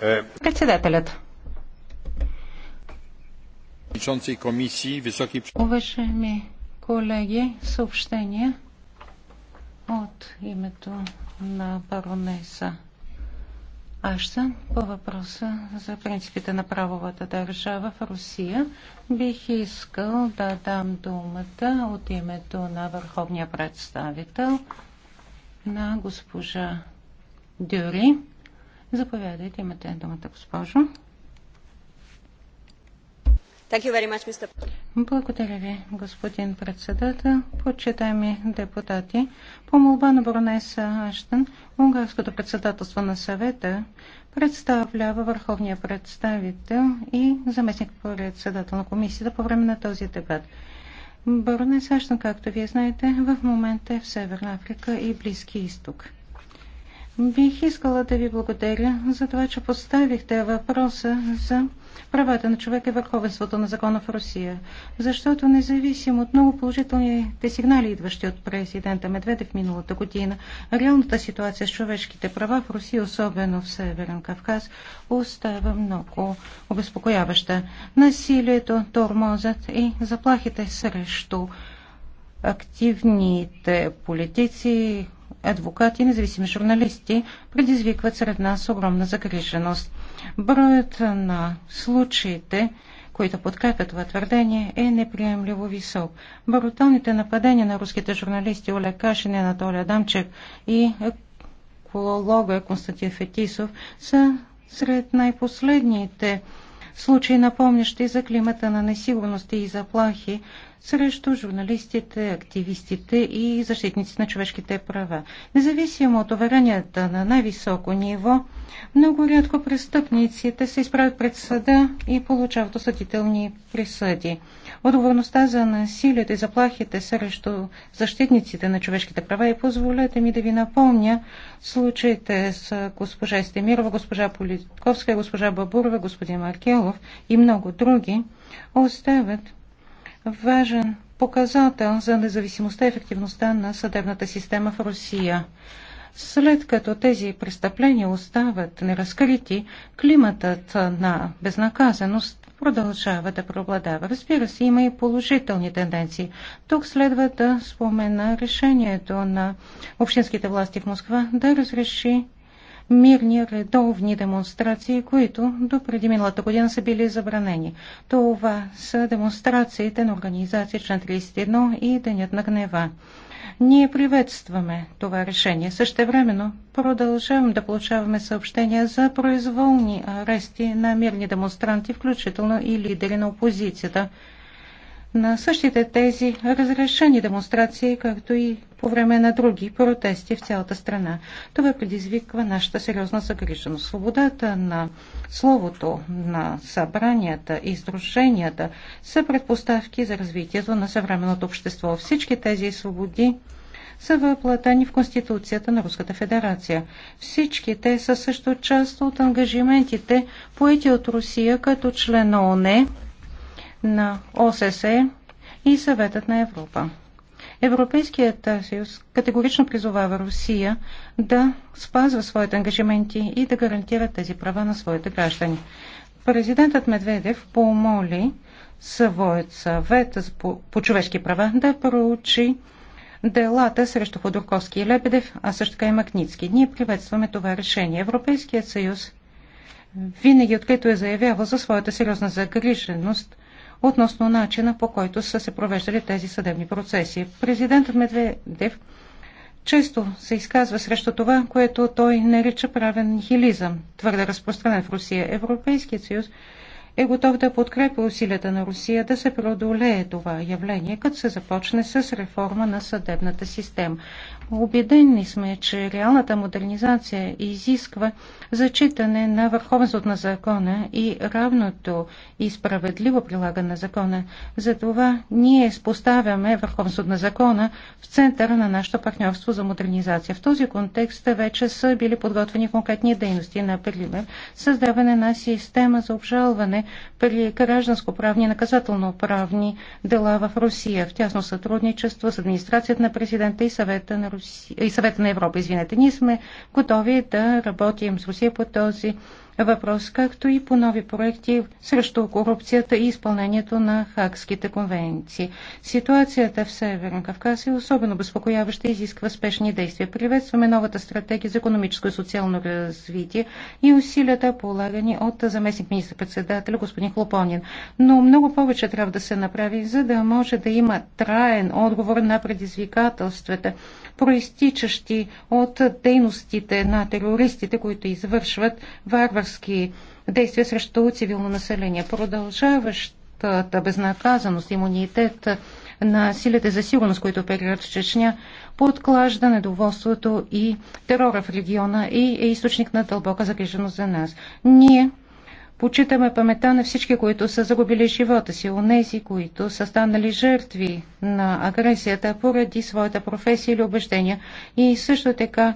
E, Председателят. Уважаеми колеги, съобщения от името на баронеса Аштан по въпроса за принципите на правовата държава в Русия. Бих искал да дам думата от името на върховния представител на госпожа Дюри. Заповядайте, имате думата, госпожо. Much, Благодаря ви, господин председател. Почитаеми депутати, по молба на Бронеса Аштен, унгарското председателство на съвета представлява върховния представител и заместник председател на комисията по време на този дебат. Баронес Аштън, както вие знаете, в момента е в Северна Африка и Близки изток. Бих искала да ви благодаря за това, че поставихте въпроса за правата на човека и върховенството на закона в Русия. Защото независимо от много положителните сигнали, идващи от президента Медведев миналата година, реалната ситуация с човешките права в Русия, особено в Северен Кавказ, остава много обезпокояваща. Насилието, тормозът и заплахите срещу активните политици, адвокати и независими журналисти предизвикват сред нас огромна загриженост. Броят на случаите, които подкрепят това твърдение, е неприемливо висок. Бруталните нападения на руските журналисти Оля Кашин, и Анатолия Дамчев и еколога Константин Фетисов са сред най-последните случаи, напомнящи за климата на несигурности и заплахи, срещу журналистите, активистите и защитниците на човешките права. Независимо от уверенията на най-високо ниво, много рядко престъпниците се изправят пред съда и получават осъдителни присъди. Отговорността за насилието и заплахите срещу защитниците на човешките права и е, позволете ми да ви напомня случаите с госпожа Стемирова, госпожа Политковска, госпожа Бабурова, господин Маркелов и много други оставят важен показател за независимостта и ефективността на съдебната система в Русия. След като тези престъпления остават неразкрити, климатът на безнаказаност продължава да преобладава. Разбира се, има и положителни тенденции. Тук следва да спомена решението на общинските власти в Москва да разреши мирни редовни демонстрации, които до преди миналата година са били забранени. Това са демонстрациите на организация член 31 и Денят на гнева. Ние приветстваме това решение. Същевременно продължаваме да получаваме съобщения за произволни арести на мирни демонстранти, включително и лидери на опозицията – на същите тези разрешени демонстрации, както и по време на други протести в цялата страна. Това предизвиква нашата сериозна загриженост. Свободата на словото, на събранията и издруженията са предпоставки за развитието на съвременното общество. Всички тези свободи са въплатени в Конституцията на Руската федерация. Всички те са също част от ангажиментите, поети от Русия като член на ОНЕ на ОССЕ и Съветът на Европа. Европейският съюз категорично призовава Русия да спазва своите ангажименти и да гарантира тези права на своите граждани. Президентът Медведев помоли своят съвет по човешки права да проучи делата срещу Ходорковски и Лебедев, а също така и Макницки. Ние приветстваме това решение. Европейският съюз винаги открито е заявявал за своята сериозна загриженост относно начина по който са се провеждали тези съдебни процеси. Президентът Медведев често се изказва срещу това, което той нарича правен хилизъм, твърде разпространен в Русия. Европейският съюз е готов да подкрепи усилията на Русия да се преодолее това явление, като се започне с реформа на съдебната система. Обедени сме, че реалната модернизация изисква зачитане на върховенството на закона и равното и справедливо прилагане на закона. Затова ние споставяме върховенството на закона в центъра на нашето партньорство за модернизация. В този контекст вече са били подготвени конкретни дейности, например създаване на система за обжалване при гражданско-правни и наказателно-правни дела в Русия в тясно сътрудничество с администрацията на президента и съвета на Русия Русия, и Съвета на Европа, извинете. Ние сме готови да работим с Русия по този въпрос, както и по нови проекти срещу корупцията и изпълнението на хакските конвенции. Ситуацията в Северен Кавказ е особено безпокояваща и изисква спешни действия. Приветстваме новата стратегия за економическо и социално развитие и усилията полагани от заместник министр-председателя господин Хлопонин. Но много повече трябва да се направи, за да може да има траен отговор на предизвикателствата, проистичащи от дейностите на терористите, които извършват варвар варварски действия срещу цивилно население. Продължаващата безнаказаност, имунитет на силите за сигурност, които оперират в Чечня, подклажда недоволството и терора в региона и е източник на дълбока загриженост за нас. Ние Почитаме памета на всички, които са загубили живота си, онези, които са станали жертви на агресията поради своята професия или убеждения. И също така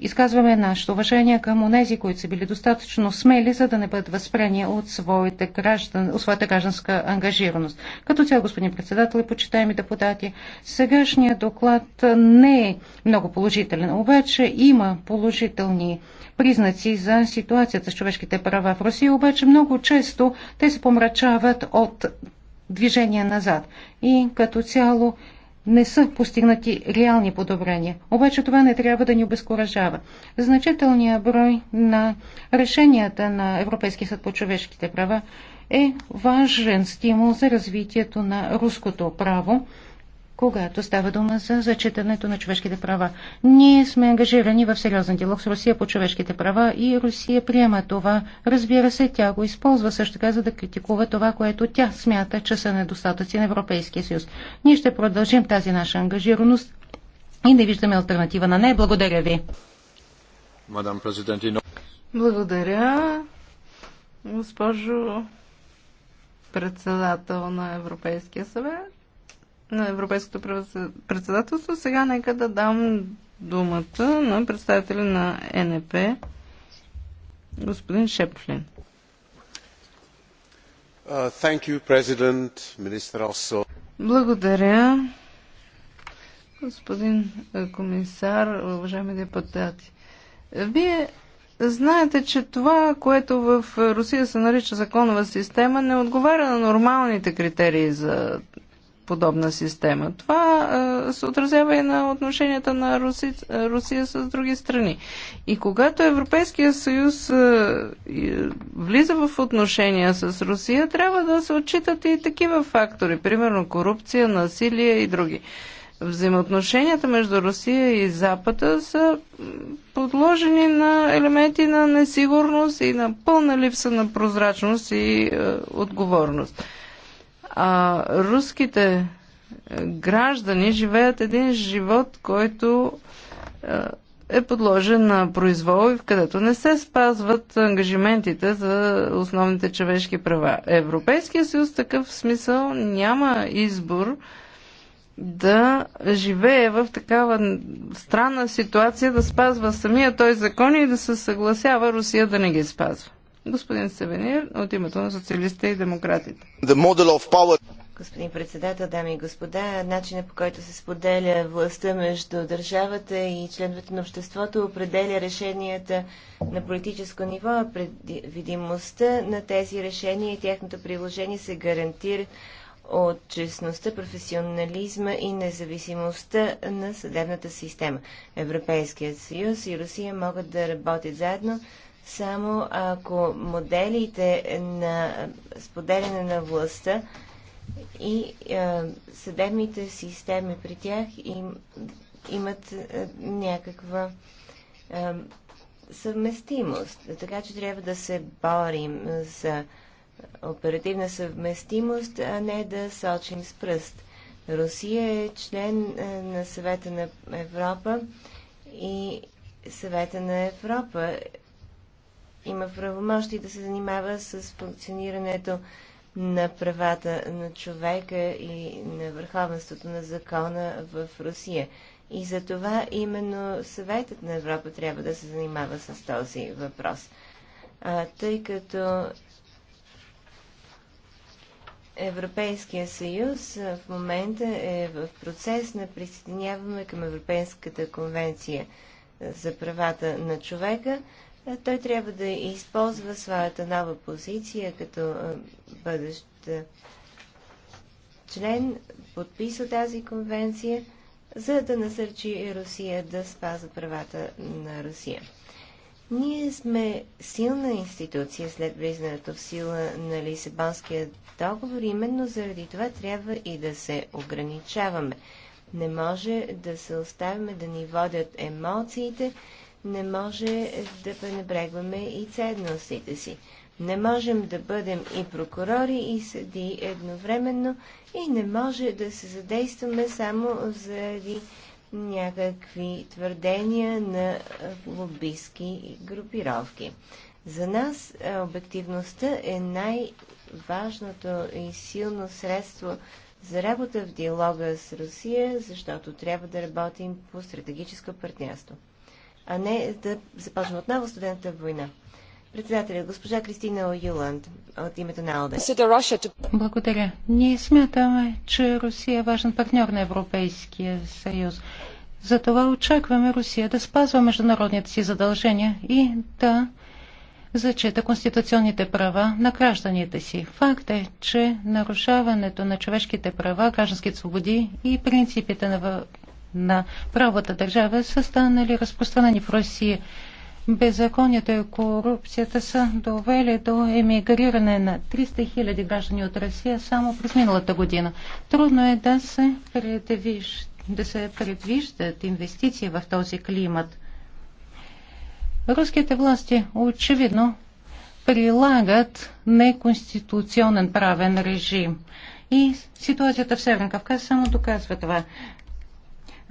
изказваме нашето уважение към онези, които са били достатъчно смели, за да не бъдат възпрени от своите граждан, от своята гражданска ангажираност. Като цяло, господин председател и почитаеми депутати, сегашният доклад не е много положителен, обаче има положителни признаци за ситуацията с човешките права в Русия, обаче много често те се помрачават от движение назад. И като цяло не са постигнати реални подобрения. Обаче това не трябва да ни обезкуражава. Значителният брой на решенията на Европейския съд по човешките права е важен стимул за развитието на руското право когато става дума за зачитането на човешките права. Ние сме ангажирани в сериозен диалог с Русия по човешките права и Русия приема това. Разбира се, тя го използва също така, за да критикува това, което тя смята, че са недостатъци на Европейския съюз. Ние ще продължим тази наша ангажираност и не виждаме альтернатива на нея. Благодаря ви. Мадам президент, благодаря, госпожо председател на Европейския съвет на Европейското председателство. Сега нека да дам думата на представителя на НП, господин Шепфлин. Uh, you, Благодаря, господин е, комисар, уважаеми депутати. Вие знаете, че това, което в Русия се нарича законова система, не отговаря на нормалните критерии за подобна система. Това се отразява и на отношенията на Руси, Русия с други страни. И когато Европейския съюз влиза в отношения с Русия, трябва да се отчитат и такива фактори, примерно корупция, насилие и други. Взаимоотношенията между Русия и Запада са подложени на елементи на несигурност и на пълна липса на прозрачност и е, отговорност. А руските е, граждани живеят един живот, който е, е подложен на произвол и в където не се спазват ангажиментите за основните човешки права. Европейския съюз такъв смисъл няма избор да живее в такава странна ситуация, да спазва самия той закон и да се съгласява Русия да не ги спазва. Господин Севенир, от името на социалистите и демократите. Господин председател, дами и господа, начинът по който се споделя властта между държавата и членовете на обществото определя решенията на политическо ниво, а предвидимостта на тези решения и тяхното приложение се гарантира от честността, професионализма и независимостта на съдебната система. Европейският съюз и Русия могат да работят заедно, само ако моделите на споделяне на властта и е, съдебните системи при тях им, имат е, някаква е, съвместимост. Така че трябва да се борим за оперативна съвместимост, а не да сочим с пръст. Русия е член е, на съвета на Европа и съвета на Европа има правомощи да се занимава с функционирането на правата на човека и на върховенството на закона в Русия. И за това именно съветът на Европа трябва да се занимава с този въпрос. А, тъй като Европейския съюз в момента е в процес на присъединяване към Европейската конвенция за правата на човека, е, той трябва да използва своята нова позиция като е, бъдещ е, член, подписа тази конвенция, за да насърчи Русия да спазва правата на Русия. Ние сме силна институция след влизането в сила на Лисабонския договор. Именно заради това трябва и да се ограничаваме. Не може да се оставяме да ни водят емоциите, не може да пренебрегваме и ценностите си. Не можем да бъдем и прокурори, и съди едновременно и не може да се задействаме само заради някакви твърдения на лобистки групировки. За нас е, обективността е най-важното и силно средство за работа в диалога с Русия, защото трябва да работим по стратегическо партньорство а не да започне отново студентната война. Председателя, госпожа Кристина Юланд от името на Алде. Благодаря. Ние смятаме, че Русия е важен партньор на Европейския съюз. Затова очакваме Русия да спазва международните си задължения и да зачита конституционните права на гражданите си. Факт е, че нарушаването на човешките права, гражданските свободи и принципите на на правата държава са станали разпространени в Русия. Беззаконията и корупцията са довели до емигриране на 300 000 граждани от Русия само през миналата година. Трудно е да се, предвиж, да се предвиждат инвестиции в този климат. Руските власти очевидно прилагат неконституционен правен режим. И ситуацията в Северен Кавказ само доказва това.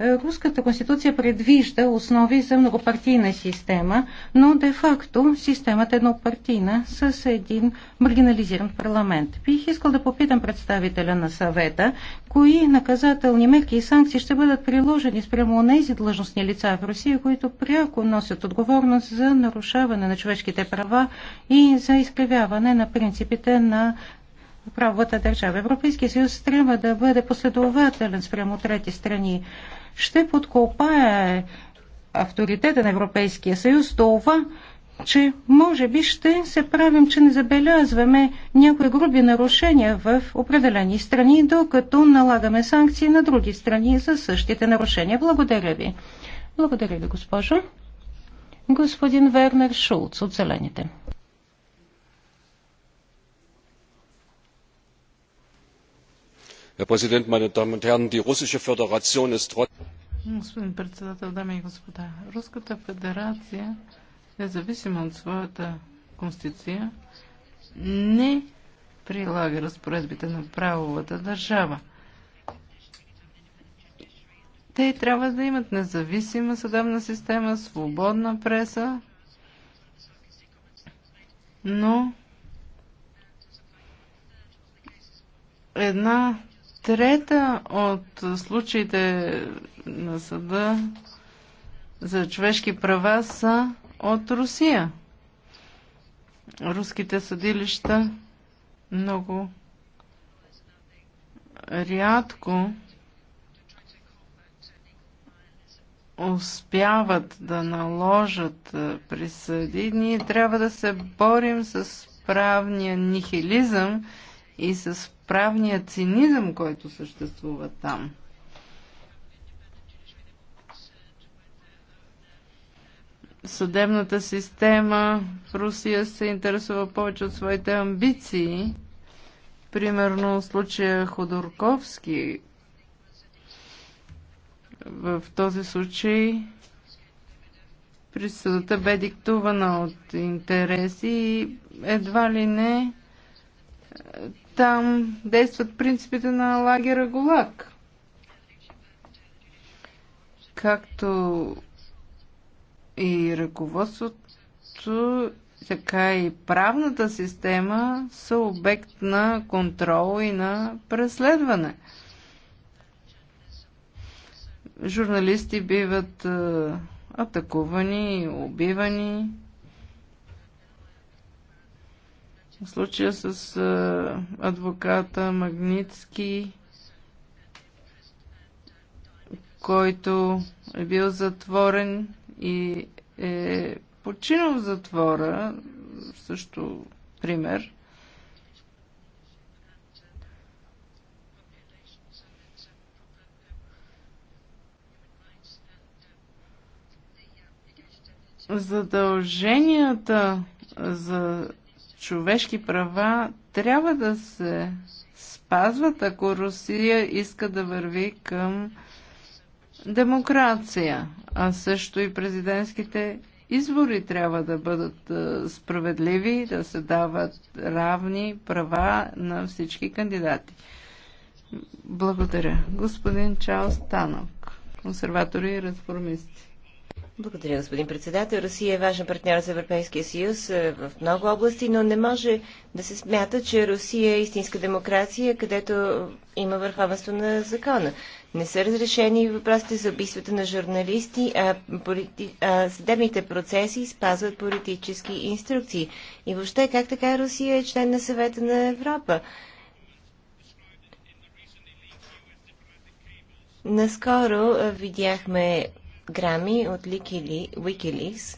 Е, Руската конституция предвижда основи за многопартийна система, но де-факто системата е еднопартийна с един маргинализиран парламент. Бих искал да попитам представителя на съвета, кои наказателни мерки и санкции ще бъдат приложени спрямо тези длъжностни лица в Русия, които пряко носят отговорност за нарушаване на човешките права и за изкривяване на принципите на правовата държава. Европейския съюз трябва да бъде последователен спрямо трети страни ще подкопае авторитета на Европейския съюз това, че може би ще се правим, че не забелязваме някои груби нарушения в определени страни, докато налагаме санкции на други страни за същите нарушения. Благодаря ви. Благодаря ви, госпожо. Господин Вернер Шулц от Зелените. herr präsident meine damen und herren! die russische föderation ist trotz Господин председател, дами и господа, Руската федерация, независимо от своята конституция, не прилага разпоредбите на правовата държава. Те трябва да имат независима съдебна система, свободна преса, но една трета от случаите на съда за човешки права са от Русия. Руските съдилища много рядко успяват да наложат присъди. Ние трябва да се борим с правния нихилизъм, и с правния цинизъм, който съществува там. Съдебната система в Русия се интересува повече от своите амбиции. Примерно случая Ходорковски. В този случай присъдата бе диктувана от интереси и едва ли не там действат принципите на лагера ГУЛАГ. Както и ръководството, така и правната система са обект на контрол и на преследване. Журналисти биват атакувани, убивани. случая с адвоката Магницки, който е бил затворен и е починал в затвора, също пример. Задълженията за човешки права трябва да се спазват, ако Русия иска да върви към демокрация, а също и президентските избори трябва да бъдат е, справедливи, да се дават равни права на всички кандидати. Благодаря. Господин Чао Станок, консерватори и реформисти. Благодаря, господин председател. Русия е важен партньор за Европейския съюз е, в много области, но не може да се смята, че Русия е истинска демокрация, където има върховенство на закона. Не са разрешени въпросите за убийствата на журналисти, а, полити... а съдебните процеси спазват политически инструкции. И въобще, как така Русия е член на съвета на Европа? Наскоро видяхме грами от Wikileaks,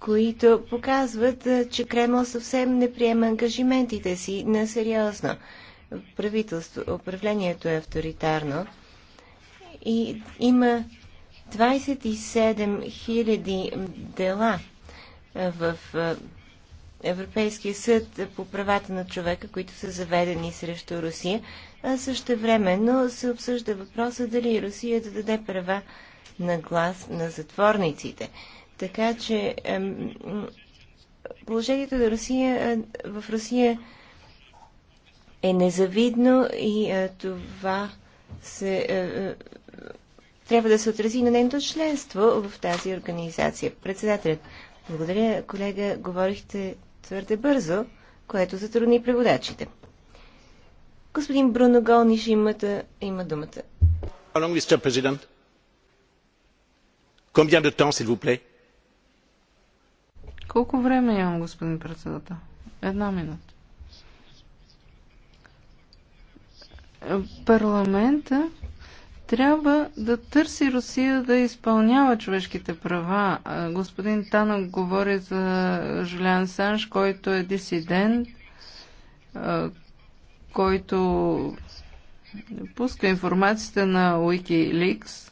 които показват, че Кремъл съвсем не приема ангажиментите си на сериозно. Правителство, управлението е авторитарно и има 27 000 дела в Европейския съд по правата на човека, които са заведени срещу Русия, а също времено се обсъжда въпроса дали Русия да даде права на глас на затворниците. Така че положението да Русия, е, в Русия е незавидно и е, това се, е, трябва да се отрази на нейното членство в тази организация. Председателят, благодаря, колега, говорихте твърде бързо, което затрудни преводачите. Господин Бруно Голниш има думата. How long, Mr. President? Combien de temps, s'il vous plaît? Колко време имам, господин председател? Една минута. Парламента трябва да търси Русия да изпълнява човешките права. Господин Танок говори за Жулиан Санш, който е дисидент, който пуска информацията на Wikileaks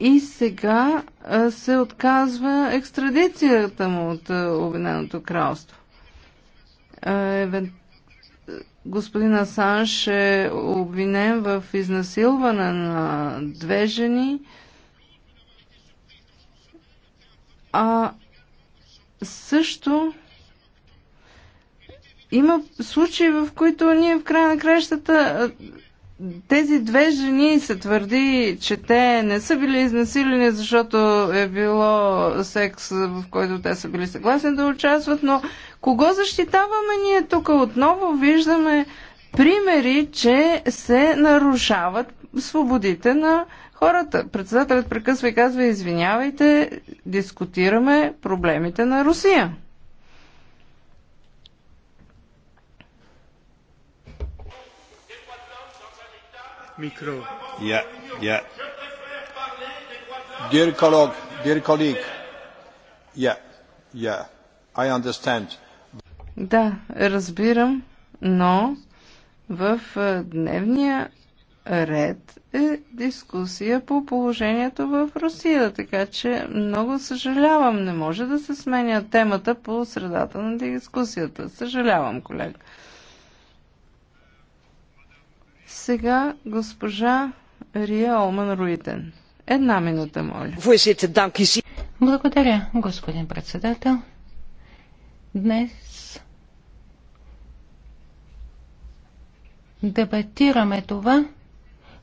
и сега се отказва екстрадицията му от Обединеното кралство. Господин Асанш е обвинен в изнасилване на две жени, а също има случаи, в които ние в края на краищата тези две жени се твърди, че те не са били изнасилени, защото е било секс, в който те са били съгласни да участват, но кого защитаваме ние тук? Отново виждаме примери, че се нарушават свободите на хората. Председателят прекъсва и казва, извинявайте, дискутираме проблемите на Русия. Micro. Yeah, yeah. Dear colleague, dear colleague. Yeah, yeah. I understand. Да, разбирам, но в е, дневния ред е дискусия по положението в Русия, така че много съжалявам, не може да се сменя темата по средата на дискусията. Съжалявам, колега. Сега госпожа Рия Оман Руитен. Една минута, моля. Благодаря, господин председател. Днес дебатираме това,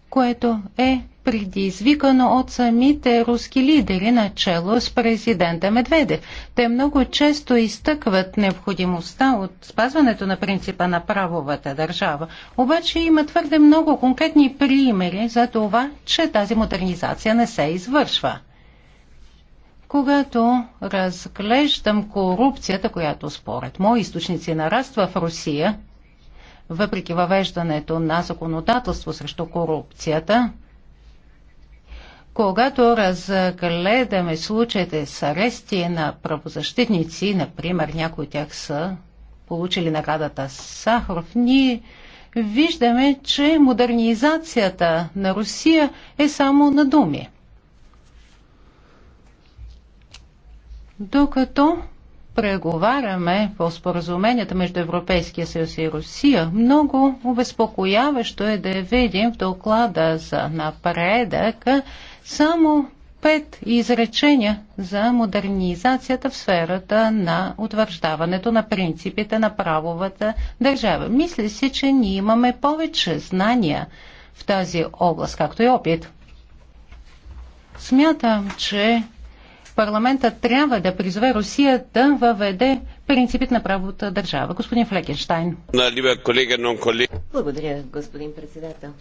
което е предизвикано от самите руски лидери, начало с президента Медведев. Те много често изтъкват необходимостта от спазването на принципа на правовата държава. Обаче има твърде много конкретни примери за това, че тази модернизация не се извършва. Когато разглеждам корупцията, която според мои източници нараства в Русия, въпреки въвеждането на законодателство срещу корупцията, когато разгледаме случаите с арести на правозащитници, например, някои от тях са получили наградата Сахаров, ние виждаме, че модернизацията на Русия е само на думи. Докато преговаряме по споразуменията между Европейския съюз и Русия, много обезпокояващо е да видим в доклада за напредък само пет изречения за модернизацията в сферата на утвърждаването на принципите на правовата държава. Мисля си, че ние имаме повече знания в тази област, както и опит. Смятам, че парламентът трябва да призове Русия да въведе принципите на правовата държава. Господин Флекенштайн. Благодаря, господин председател.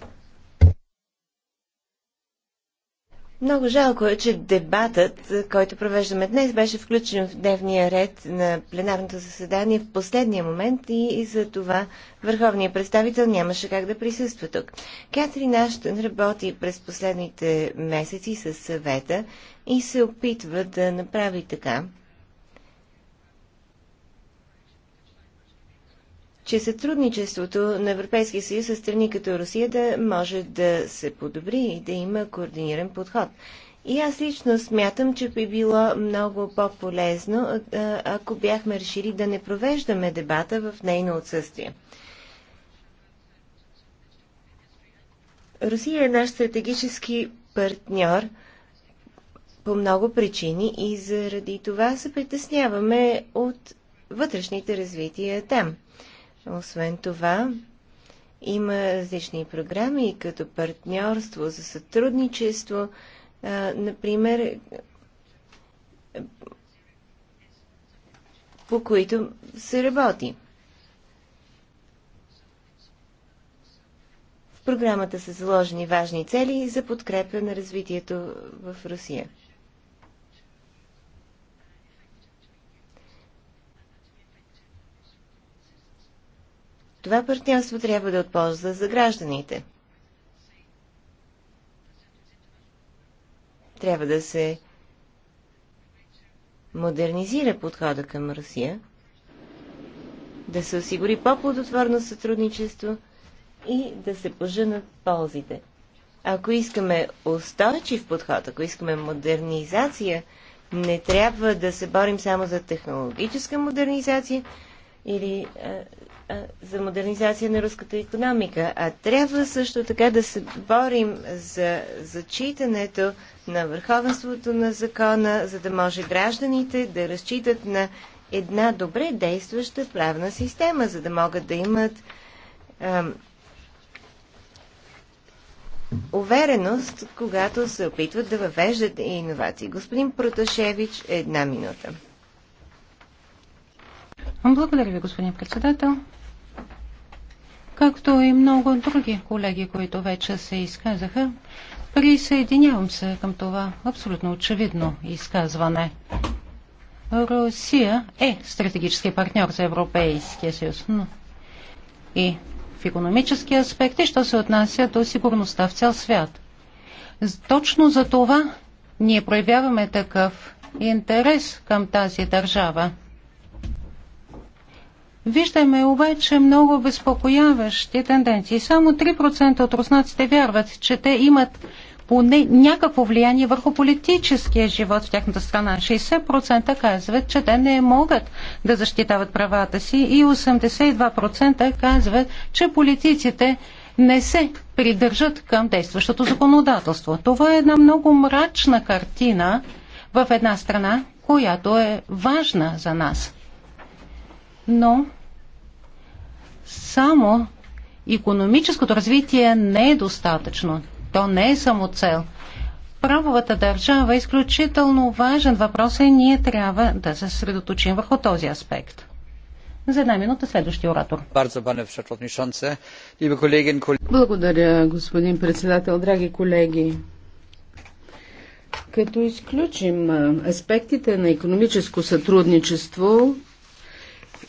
Много жалко е, че дебатът, който провеждаме днес, беше включен в дневния ред на пленарното заседание в последния момент и, и за това върховният представител нямаше как да присъства тук. Катрин Аштън работи през последните месеци с съвета и се опитва да направи така, че сътрудничеството на Европейския съюз с страни като Русия да може да се подобри и да има координиран подход. И аз лично смятам, че би било много по-полезно, ако бяхме решили да не провеждаме дебата в нейно отсъствие. Русия е наш стратегически партньор по много причини и заради това се притесняваме от вътрешните развития там – освен това, има различни програми, като партньорство за сътрудничество. А, например, по които се работи. В програмата са заложени важни цели за подкрепа на развитието в Русия. Това партньорство трябва да е отползва за гражданите. Трябва да се модернизира подхода към Русия, да се осигури по-плодотворно сътрудничество и да се поженат ползите. Ако искаме устойчив подход, ако искаме модернизация, не трябва да се борим само за технологическа модернизация или е, за модернизация на руската економика, а трябва също така да се борим за зачитането на върховенството на закона, за да може гражданите да разчитат на една добре действаща правна система, за да могат да имат ам, увереност, когато се опитват да въвеждат иновации. Господин Проташевич, една минута. Благодаря ви, господин председател. Както и много други колеги, които вече се изказаха, присъединявам се към това абсолютно очевидно изказване. Русия е стратегически партньор за Европейския съюз. Но и в економически аспекти, що се отнася до сигурността в цял свят. Точно за това ние проявяваме такъв интерес към тази държава. Виждаме обаче много безпокояващи тенденции. Само 3% от руснаците вярват, че те имат поне някакво влияние върху политическия живот в тяхната страна. 60% казват, че те не могат да защитават правата си и 82% казват, че политиците не се придържат към действащото законодателство. Това е една много мрачна картина в една страна, която е важна за нас но само економическото развитие не е достатъчно. То не е само цел. Правовата държава е изключително важен въпрос и ние трябва да се средоточим върху този аспект. За една минута следващия оратор. Благодаря, господин председател, драги колеги. Като изключим аспектите на економическо сътрудничество,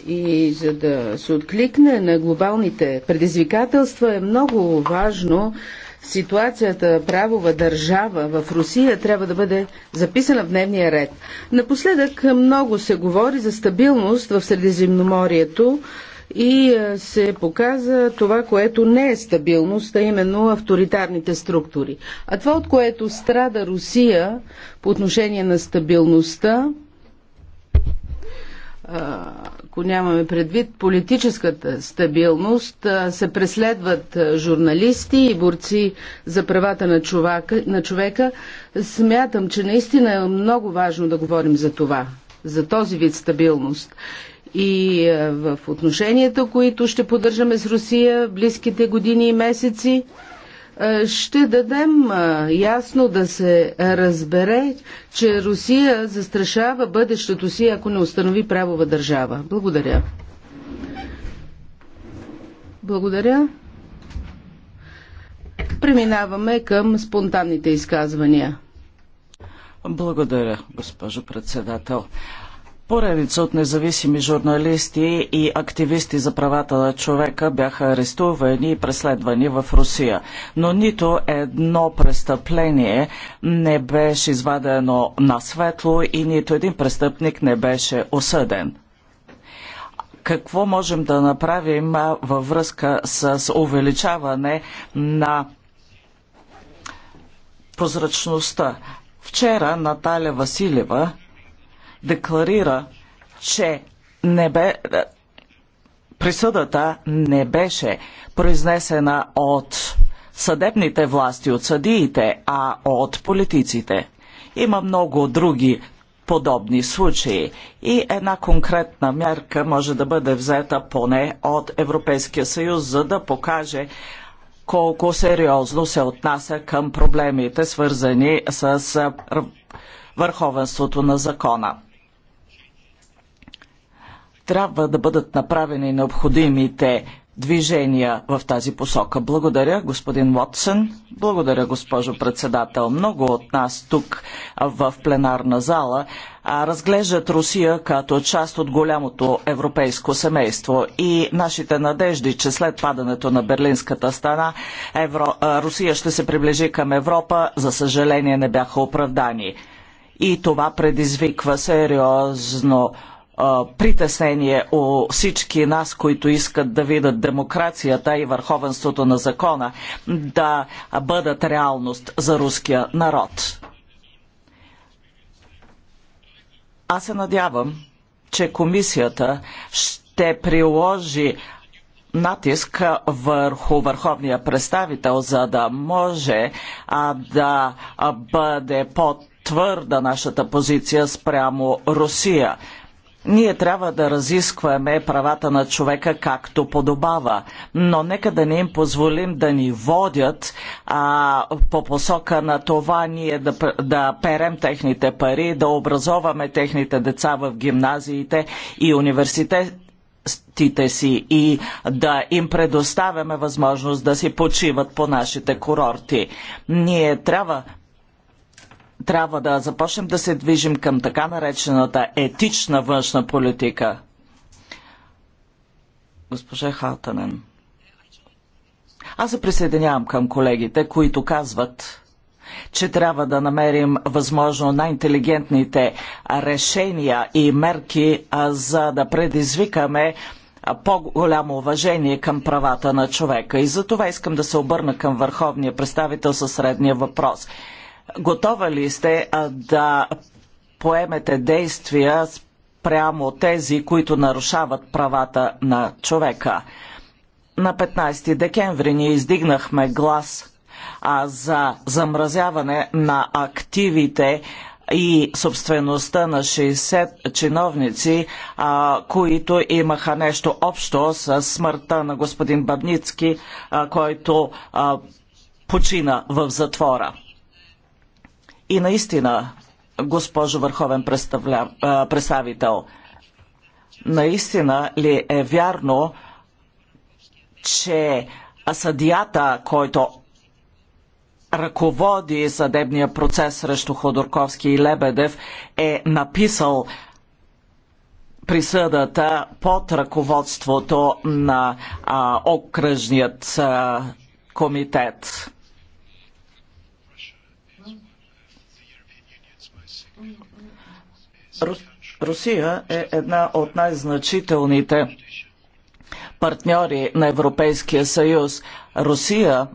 и за да се откликне на глобалните предизвикателства е много важно ситуацията правова държава в Русия трябва да бъде записана в дневния ред. Напоследък много се говори за стабилност в Средиземноморието и е, се показа това, което не е стабилност, а именно авторитарните структури. А това, от което страда Русия по отношение на стабилността, ако нямаме предвид политическата стабилност, се преследват журналисти и борци за правата на, човека, на човека. Смятам, че наистина е много важно да говорим за това, за този вид стабилност. И в отношенията, които ще поддържаме с Русия близките години и месеци, е, ще дадем е, ясно да се разбере, че Русия застрашава бъдещето си, ако не установи правова държава. Благодаря. Благодаря. Преминаваме към спонтанните изказвания. Благодаря, госпожо председател. Поредица от независими журналисти и активисти за правата на човека бяха арестувани и преследвани в Русия. Но нито едно престъпление не беше извадено на светло и нито един престъпник не беше осъден какво можем да направим във връзка с увеличаване на прозрачността. Вчера Наталя Василева декларира, че не бе, е, присъдата не беше произнесена от съдебните власти, от съдиите, а от политиците. Има много други подобни случаи и една конкретна мярка може да бъде взета поне от Европейския съюз, за да покаже колко сериозно се отнася към проблемите, свързани с върховенството на закона. Трябва да бъдат направени необходимите движения в тази посока. Благодаря, господин Уотсън. Благодаря, госпожо председател. Много от нас тук в пленарна зала разглеждат Русия като част от голямото европейско семейство и нашите надежди, че след падането на Берлинската стена Евро... Русия ще се приближи към Европа, за съжаление не бяха оправдани. И това предизвиква сериозно притеснение у всички нас, които искат да видят демокрацията и върховенството на закона да бъдат реалност за руския народ. Аз се надявам, че комисията ще приложи натиск върху върховния представител, за да може а, да бъде по-твърда нашата позиция спрямо Русия ние трябва да разискваме правата на човека както подобава, но нека да не им позволим да ни водят а, по посока на това ние да, да перем техните пари, да образоваме техните деца в гимназиите и университетите си и да им предоставяме възможност да си почиват по нашите курорти. Ние трябва трябва да започнем да се движим към така наречената етична външна политика. Госпожа Халтанен. Аз се присъединявам към колегите, които казват, че трябва да намерим възможно най-интелигентните решения и мерки, за да предизвикаме по-голямо уважение към правата на човека. И за това искам да се обърна към върховния представител със средния въпрос – готова ли сте да поемете действия прямо тези, които нарушават правата на човека? На 15 декември ние издигнахме глас а, за замразяване на активите и собствеността на 60 чиновници, а, които имаха нещо общо с смъртта на господин Бабницки, а, който а, почина в затвора. И наистина, госпожо Върховен представител, наистина ли е вярно, че съдията, който ръководи съдебния процес срещу Ходорковски и Лебедев, е написал присъдата под ръководството на а, окръжният а, комитет. Русия е една от най-значителните партньори на Европейския съюз. Русия,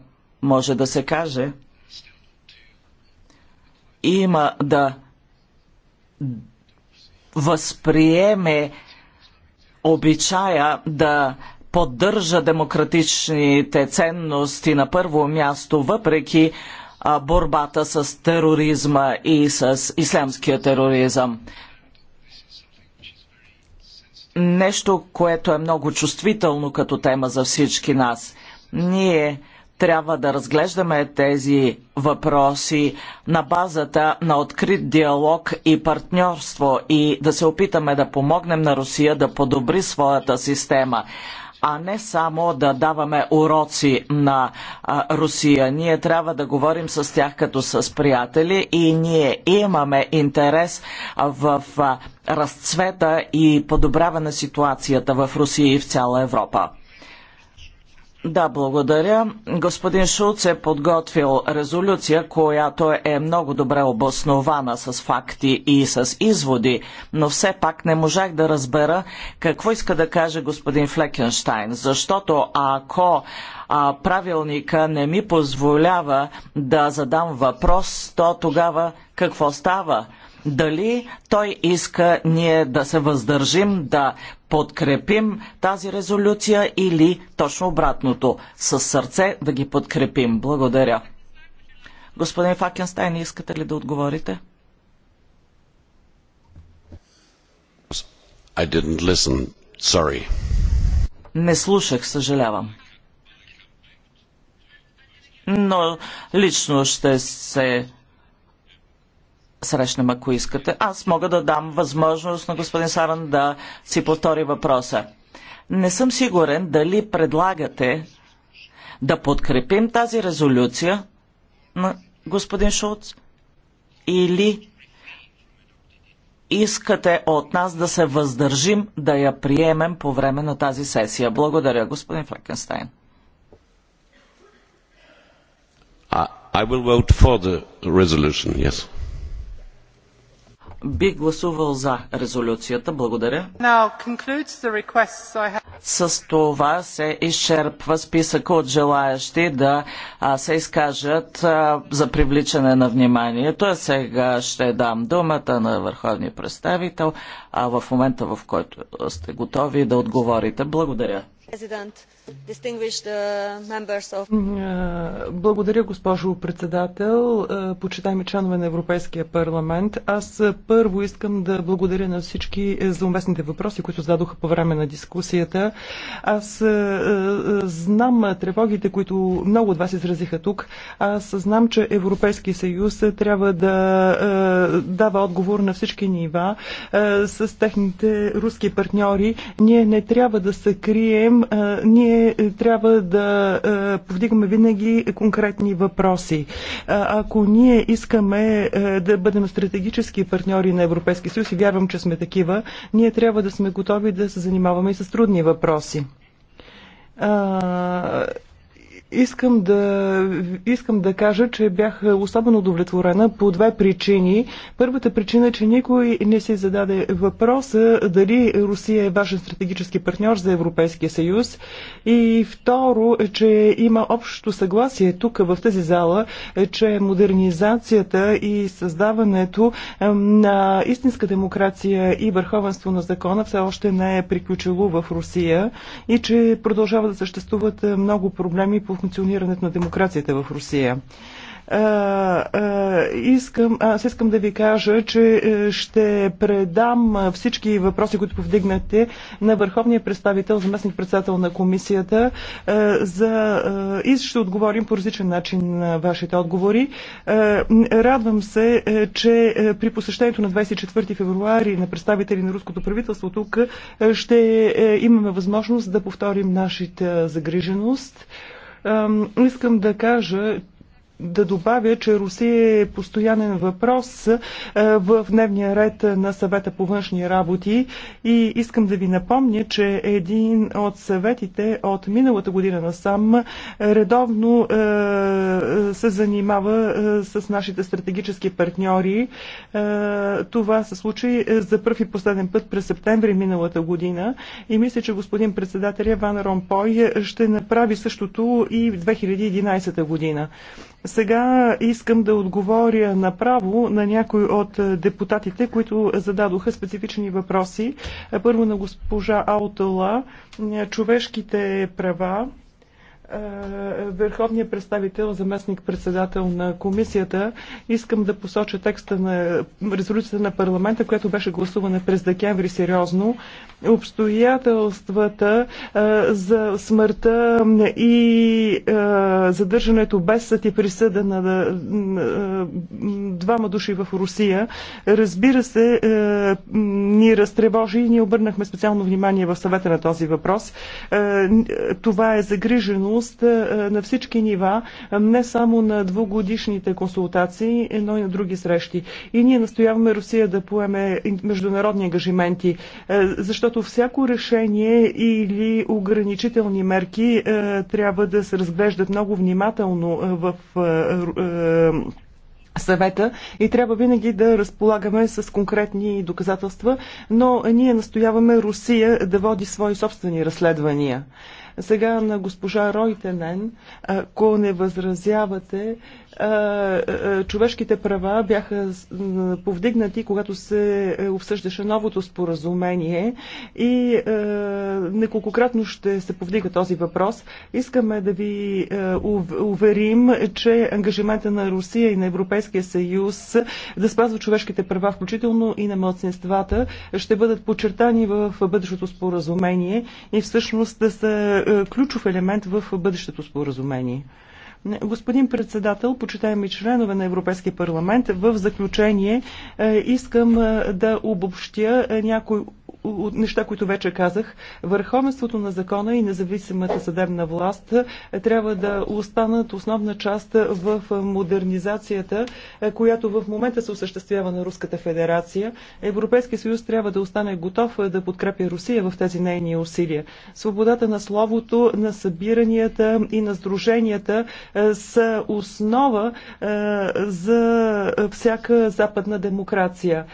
може да се каже, има да възприеме обичая да поддържа демократичните ценности на първо място, въпреки борбата с тероризма и с ислямския тероризъм нещо, което е много чувствително като тема за всички нас. Ние трябва да разглеждаме тези въпроси на базата на открит диалог и партньорство и да се опитаме да помогнем на Русия да подобри своята система а не само да даваме уроци на а, Русия. Ние трябва да говорим с тях като с приятели и ние имаме интерес в а, разцвета и подобряване на ситуацията в Русия и в цяла Европа. Да, благодаря. Господин Шулц е подготвил резолюция, която е много добре обоснована с факти и с изводи, но все пак не можах да разбера какво иска да каже господин Флекенштайн, защото ако а, правилника не ми позволява да задам въпрос, то тогава какво става? дали той иска ние да се въздържим да подкрепим тази резолюция или точно обратното, с сърце да ги подкрепим. Благодаря. Господин Факенстайн, искате ли да отговорите? I didn't listen. Sorry. Не слушах, съжалявам. Но лично ще се срещнем, ако искате. Аз мога да дам възможност на господин Саран да си повтори въпроса. Не съм сигурен дали предлагате да подкрепим тази резолюция на господин Шулц или искате от нас да се въздържим да я приемем по време на тази сесия. Благодаря, господин Флекенстайн. I will vote for the resolution, yes бих гласувал за резолюцията. Благодаря. С това се изчерпва списъка от желаящи да се изкажат за привличане на вниманието. А сега ще дам думата на върховния представител а в момента, в който сте готови да отговорите. Благодаря. Президент. Uh, благодаря, госпожо председател, почитаеми членове на Европейския парламент. Аз първо искам да благодаря на всички е, за уместните въпроси, които зададоха по време на дискусията. Аз знам тревогите, които много от вас изразиха тук. Аз знам, че Европейския съюз трябва да дава отговор на всички нива с техните руски партньори. Ние не трябва да се крием. Ние ние трябва да е, повдигаме винаги конкретни въпроси. Е, ако ние искаме е, да бъдем стратегически партньори на Европейския съюз и вярвам, че сме такива, ние трябва да сме готови да се занимаваме и с трудни въпроси Искам да, искам да кажа, че бях особено удовлетворена по две причини. Първата причина е, че никой не си зададе въпроса дали Русия е важен стратегически партньор за Европейския съюз. И второ, е, че има общото съгласие тук в тази зала, е, че модернизацията и създаването е, на истинска демокрация и върховенство на закона все още не е приключило в Русия и че продължава да съществуват много проблеми по функционирането на демокрацията в Русия. А, а, искам, аз искам да ви кажа, че е, ще предам всички въпроси, които повдигнате, на върховния представител, заместник председател на комисията а, е, за, е, и ще отговорим по различен начин на вашите отговори. Радвам се, че при посещението на 24 февруари на представители на руското правителство тук ще имаме възможност да повторим нашата загриженост. Искам да кажа, да добавя, че Русия е постоянен въпрос е, в дневния ред на съвета по външни работи и искам да ви напомня, че един от съветите от миналата година насам редовно е, се занимава е, с нашите стратегически партньори. Това се случи за първи и последен път през септември миналата година и мисля, че господин председателя Ван Ромпой ще направи същото и в 2011 година. Сега искам да отговоря направо на някои от депутатите, които зададоха специфични въпроси. Първо на госпожа Аутала, човешките права е, Върховния представител, заместник-председател на комисията, искам да посоча текста на резолюцията на парламента, която беше гласувана през декември сериозно. Обстоятелствата е, за смъртта и е, задържането без съд и присъда на двама души в Русия, разбира се, ни разтревожи и ние обърнахме специално внимание в съвета на този въпрос. Това е загрижено готовност е, на всички нива, е, не само на двугодишните консултации, но и на други срещи. И ние настояваме Русия да поеме международни ангажименти, е, защото всяко решение или ограничителни мерки трябва да се разглеждат много внимателно в съвета и трябва винаги да разполагаме с конкретни доказателства, но ние настояваме Русия да води свои собствени разследвания. Сега на госпожа Ройтенен, ако не възразявате, човешките права бяха повдигнати, когато се е, обсъждаше новото споразумение и е, неколкократно ще се повдига този въпрос. Искаме да ви е, уверим, че ангажимента на Русия и на Европейския съюз да спазва човешките права, включително и на младсинствата, ще бъдат подчертани в бъдещото споразумение и всъщност да са ключов елемент в бъдещето споразумение. Господин председател, почитаеми членове на Европейския парламент, в заключение е, искам е, да обобщя е, някои неща, които вече казах. Върховенството на закона и независимата съдебна власт е, трябва да останат основна част е, в е, модернизацията, която в момента се осъществява на Руската федерация. Европейския съюз трябва да остане готов да подкрепи Русия в тези нейни усилия. Свободата на словото, на събиранията и на сдруженията са основа за всяка западна демокрация.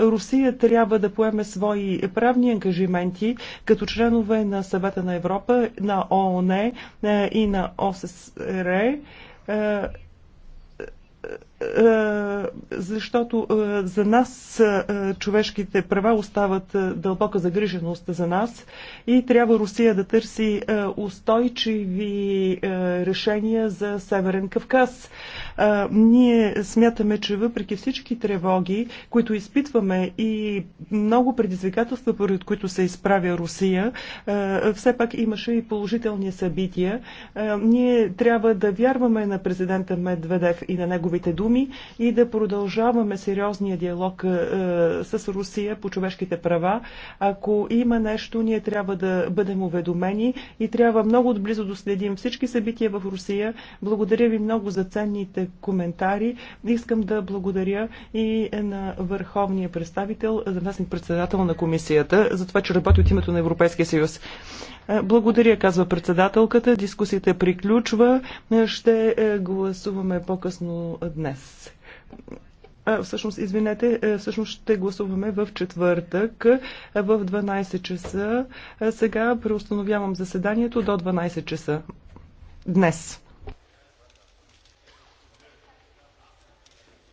Русия трябва да поеме свои правни ангажименти като членове на Съвета на Европа, на ООН е, и на ОССР е, е, е, защото е, за нас е, човешките права остават дълбока загриженост за нас и трябва Русия да търси устойчиви решения за Северен Кавказ. Ние смятаме, че въпреки всички тревоги, които изпитваме и много предизвикателства, поред които се изправя Русия, все пак имаше и положителни събития. Ние трябва да вярваме на президента Медведев и на неговите думи, думи и да продължаваме сериозния диалог е, е, с Русия по човешките права. Ако има нещо, ние трябва да бъдем уведомени и трябва много отблизо да следим всички събития в Русия. Благодаря ви много за ценните коментари. Искам да благодаря и на върховния представител, заместник председател на комисията, за това, че работи от името на Европейския съюз. Благодаря, казва председателката. Дискусията приключва. Ще е, гласуваме по-късно днес. А, всъщност, извинете, е, всъщност ще гласуваме в четвъртък е, в 12 часа. Сега преустановявам заседанието до 12 часа днес.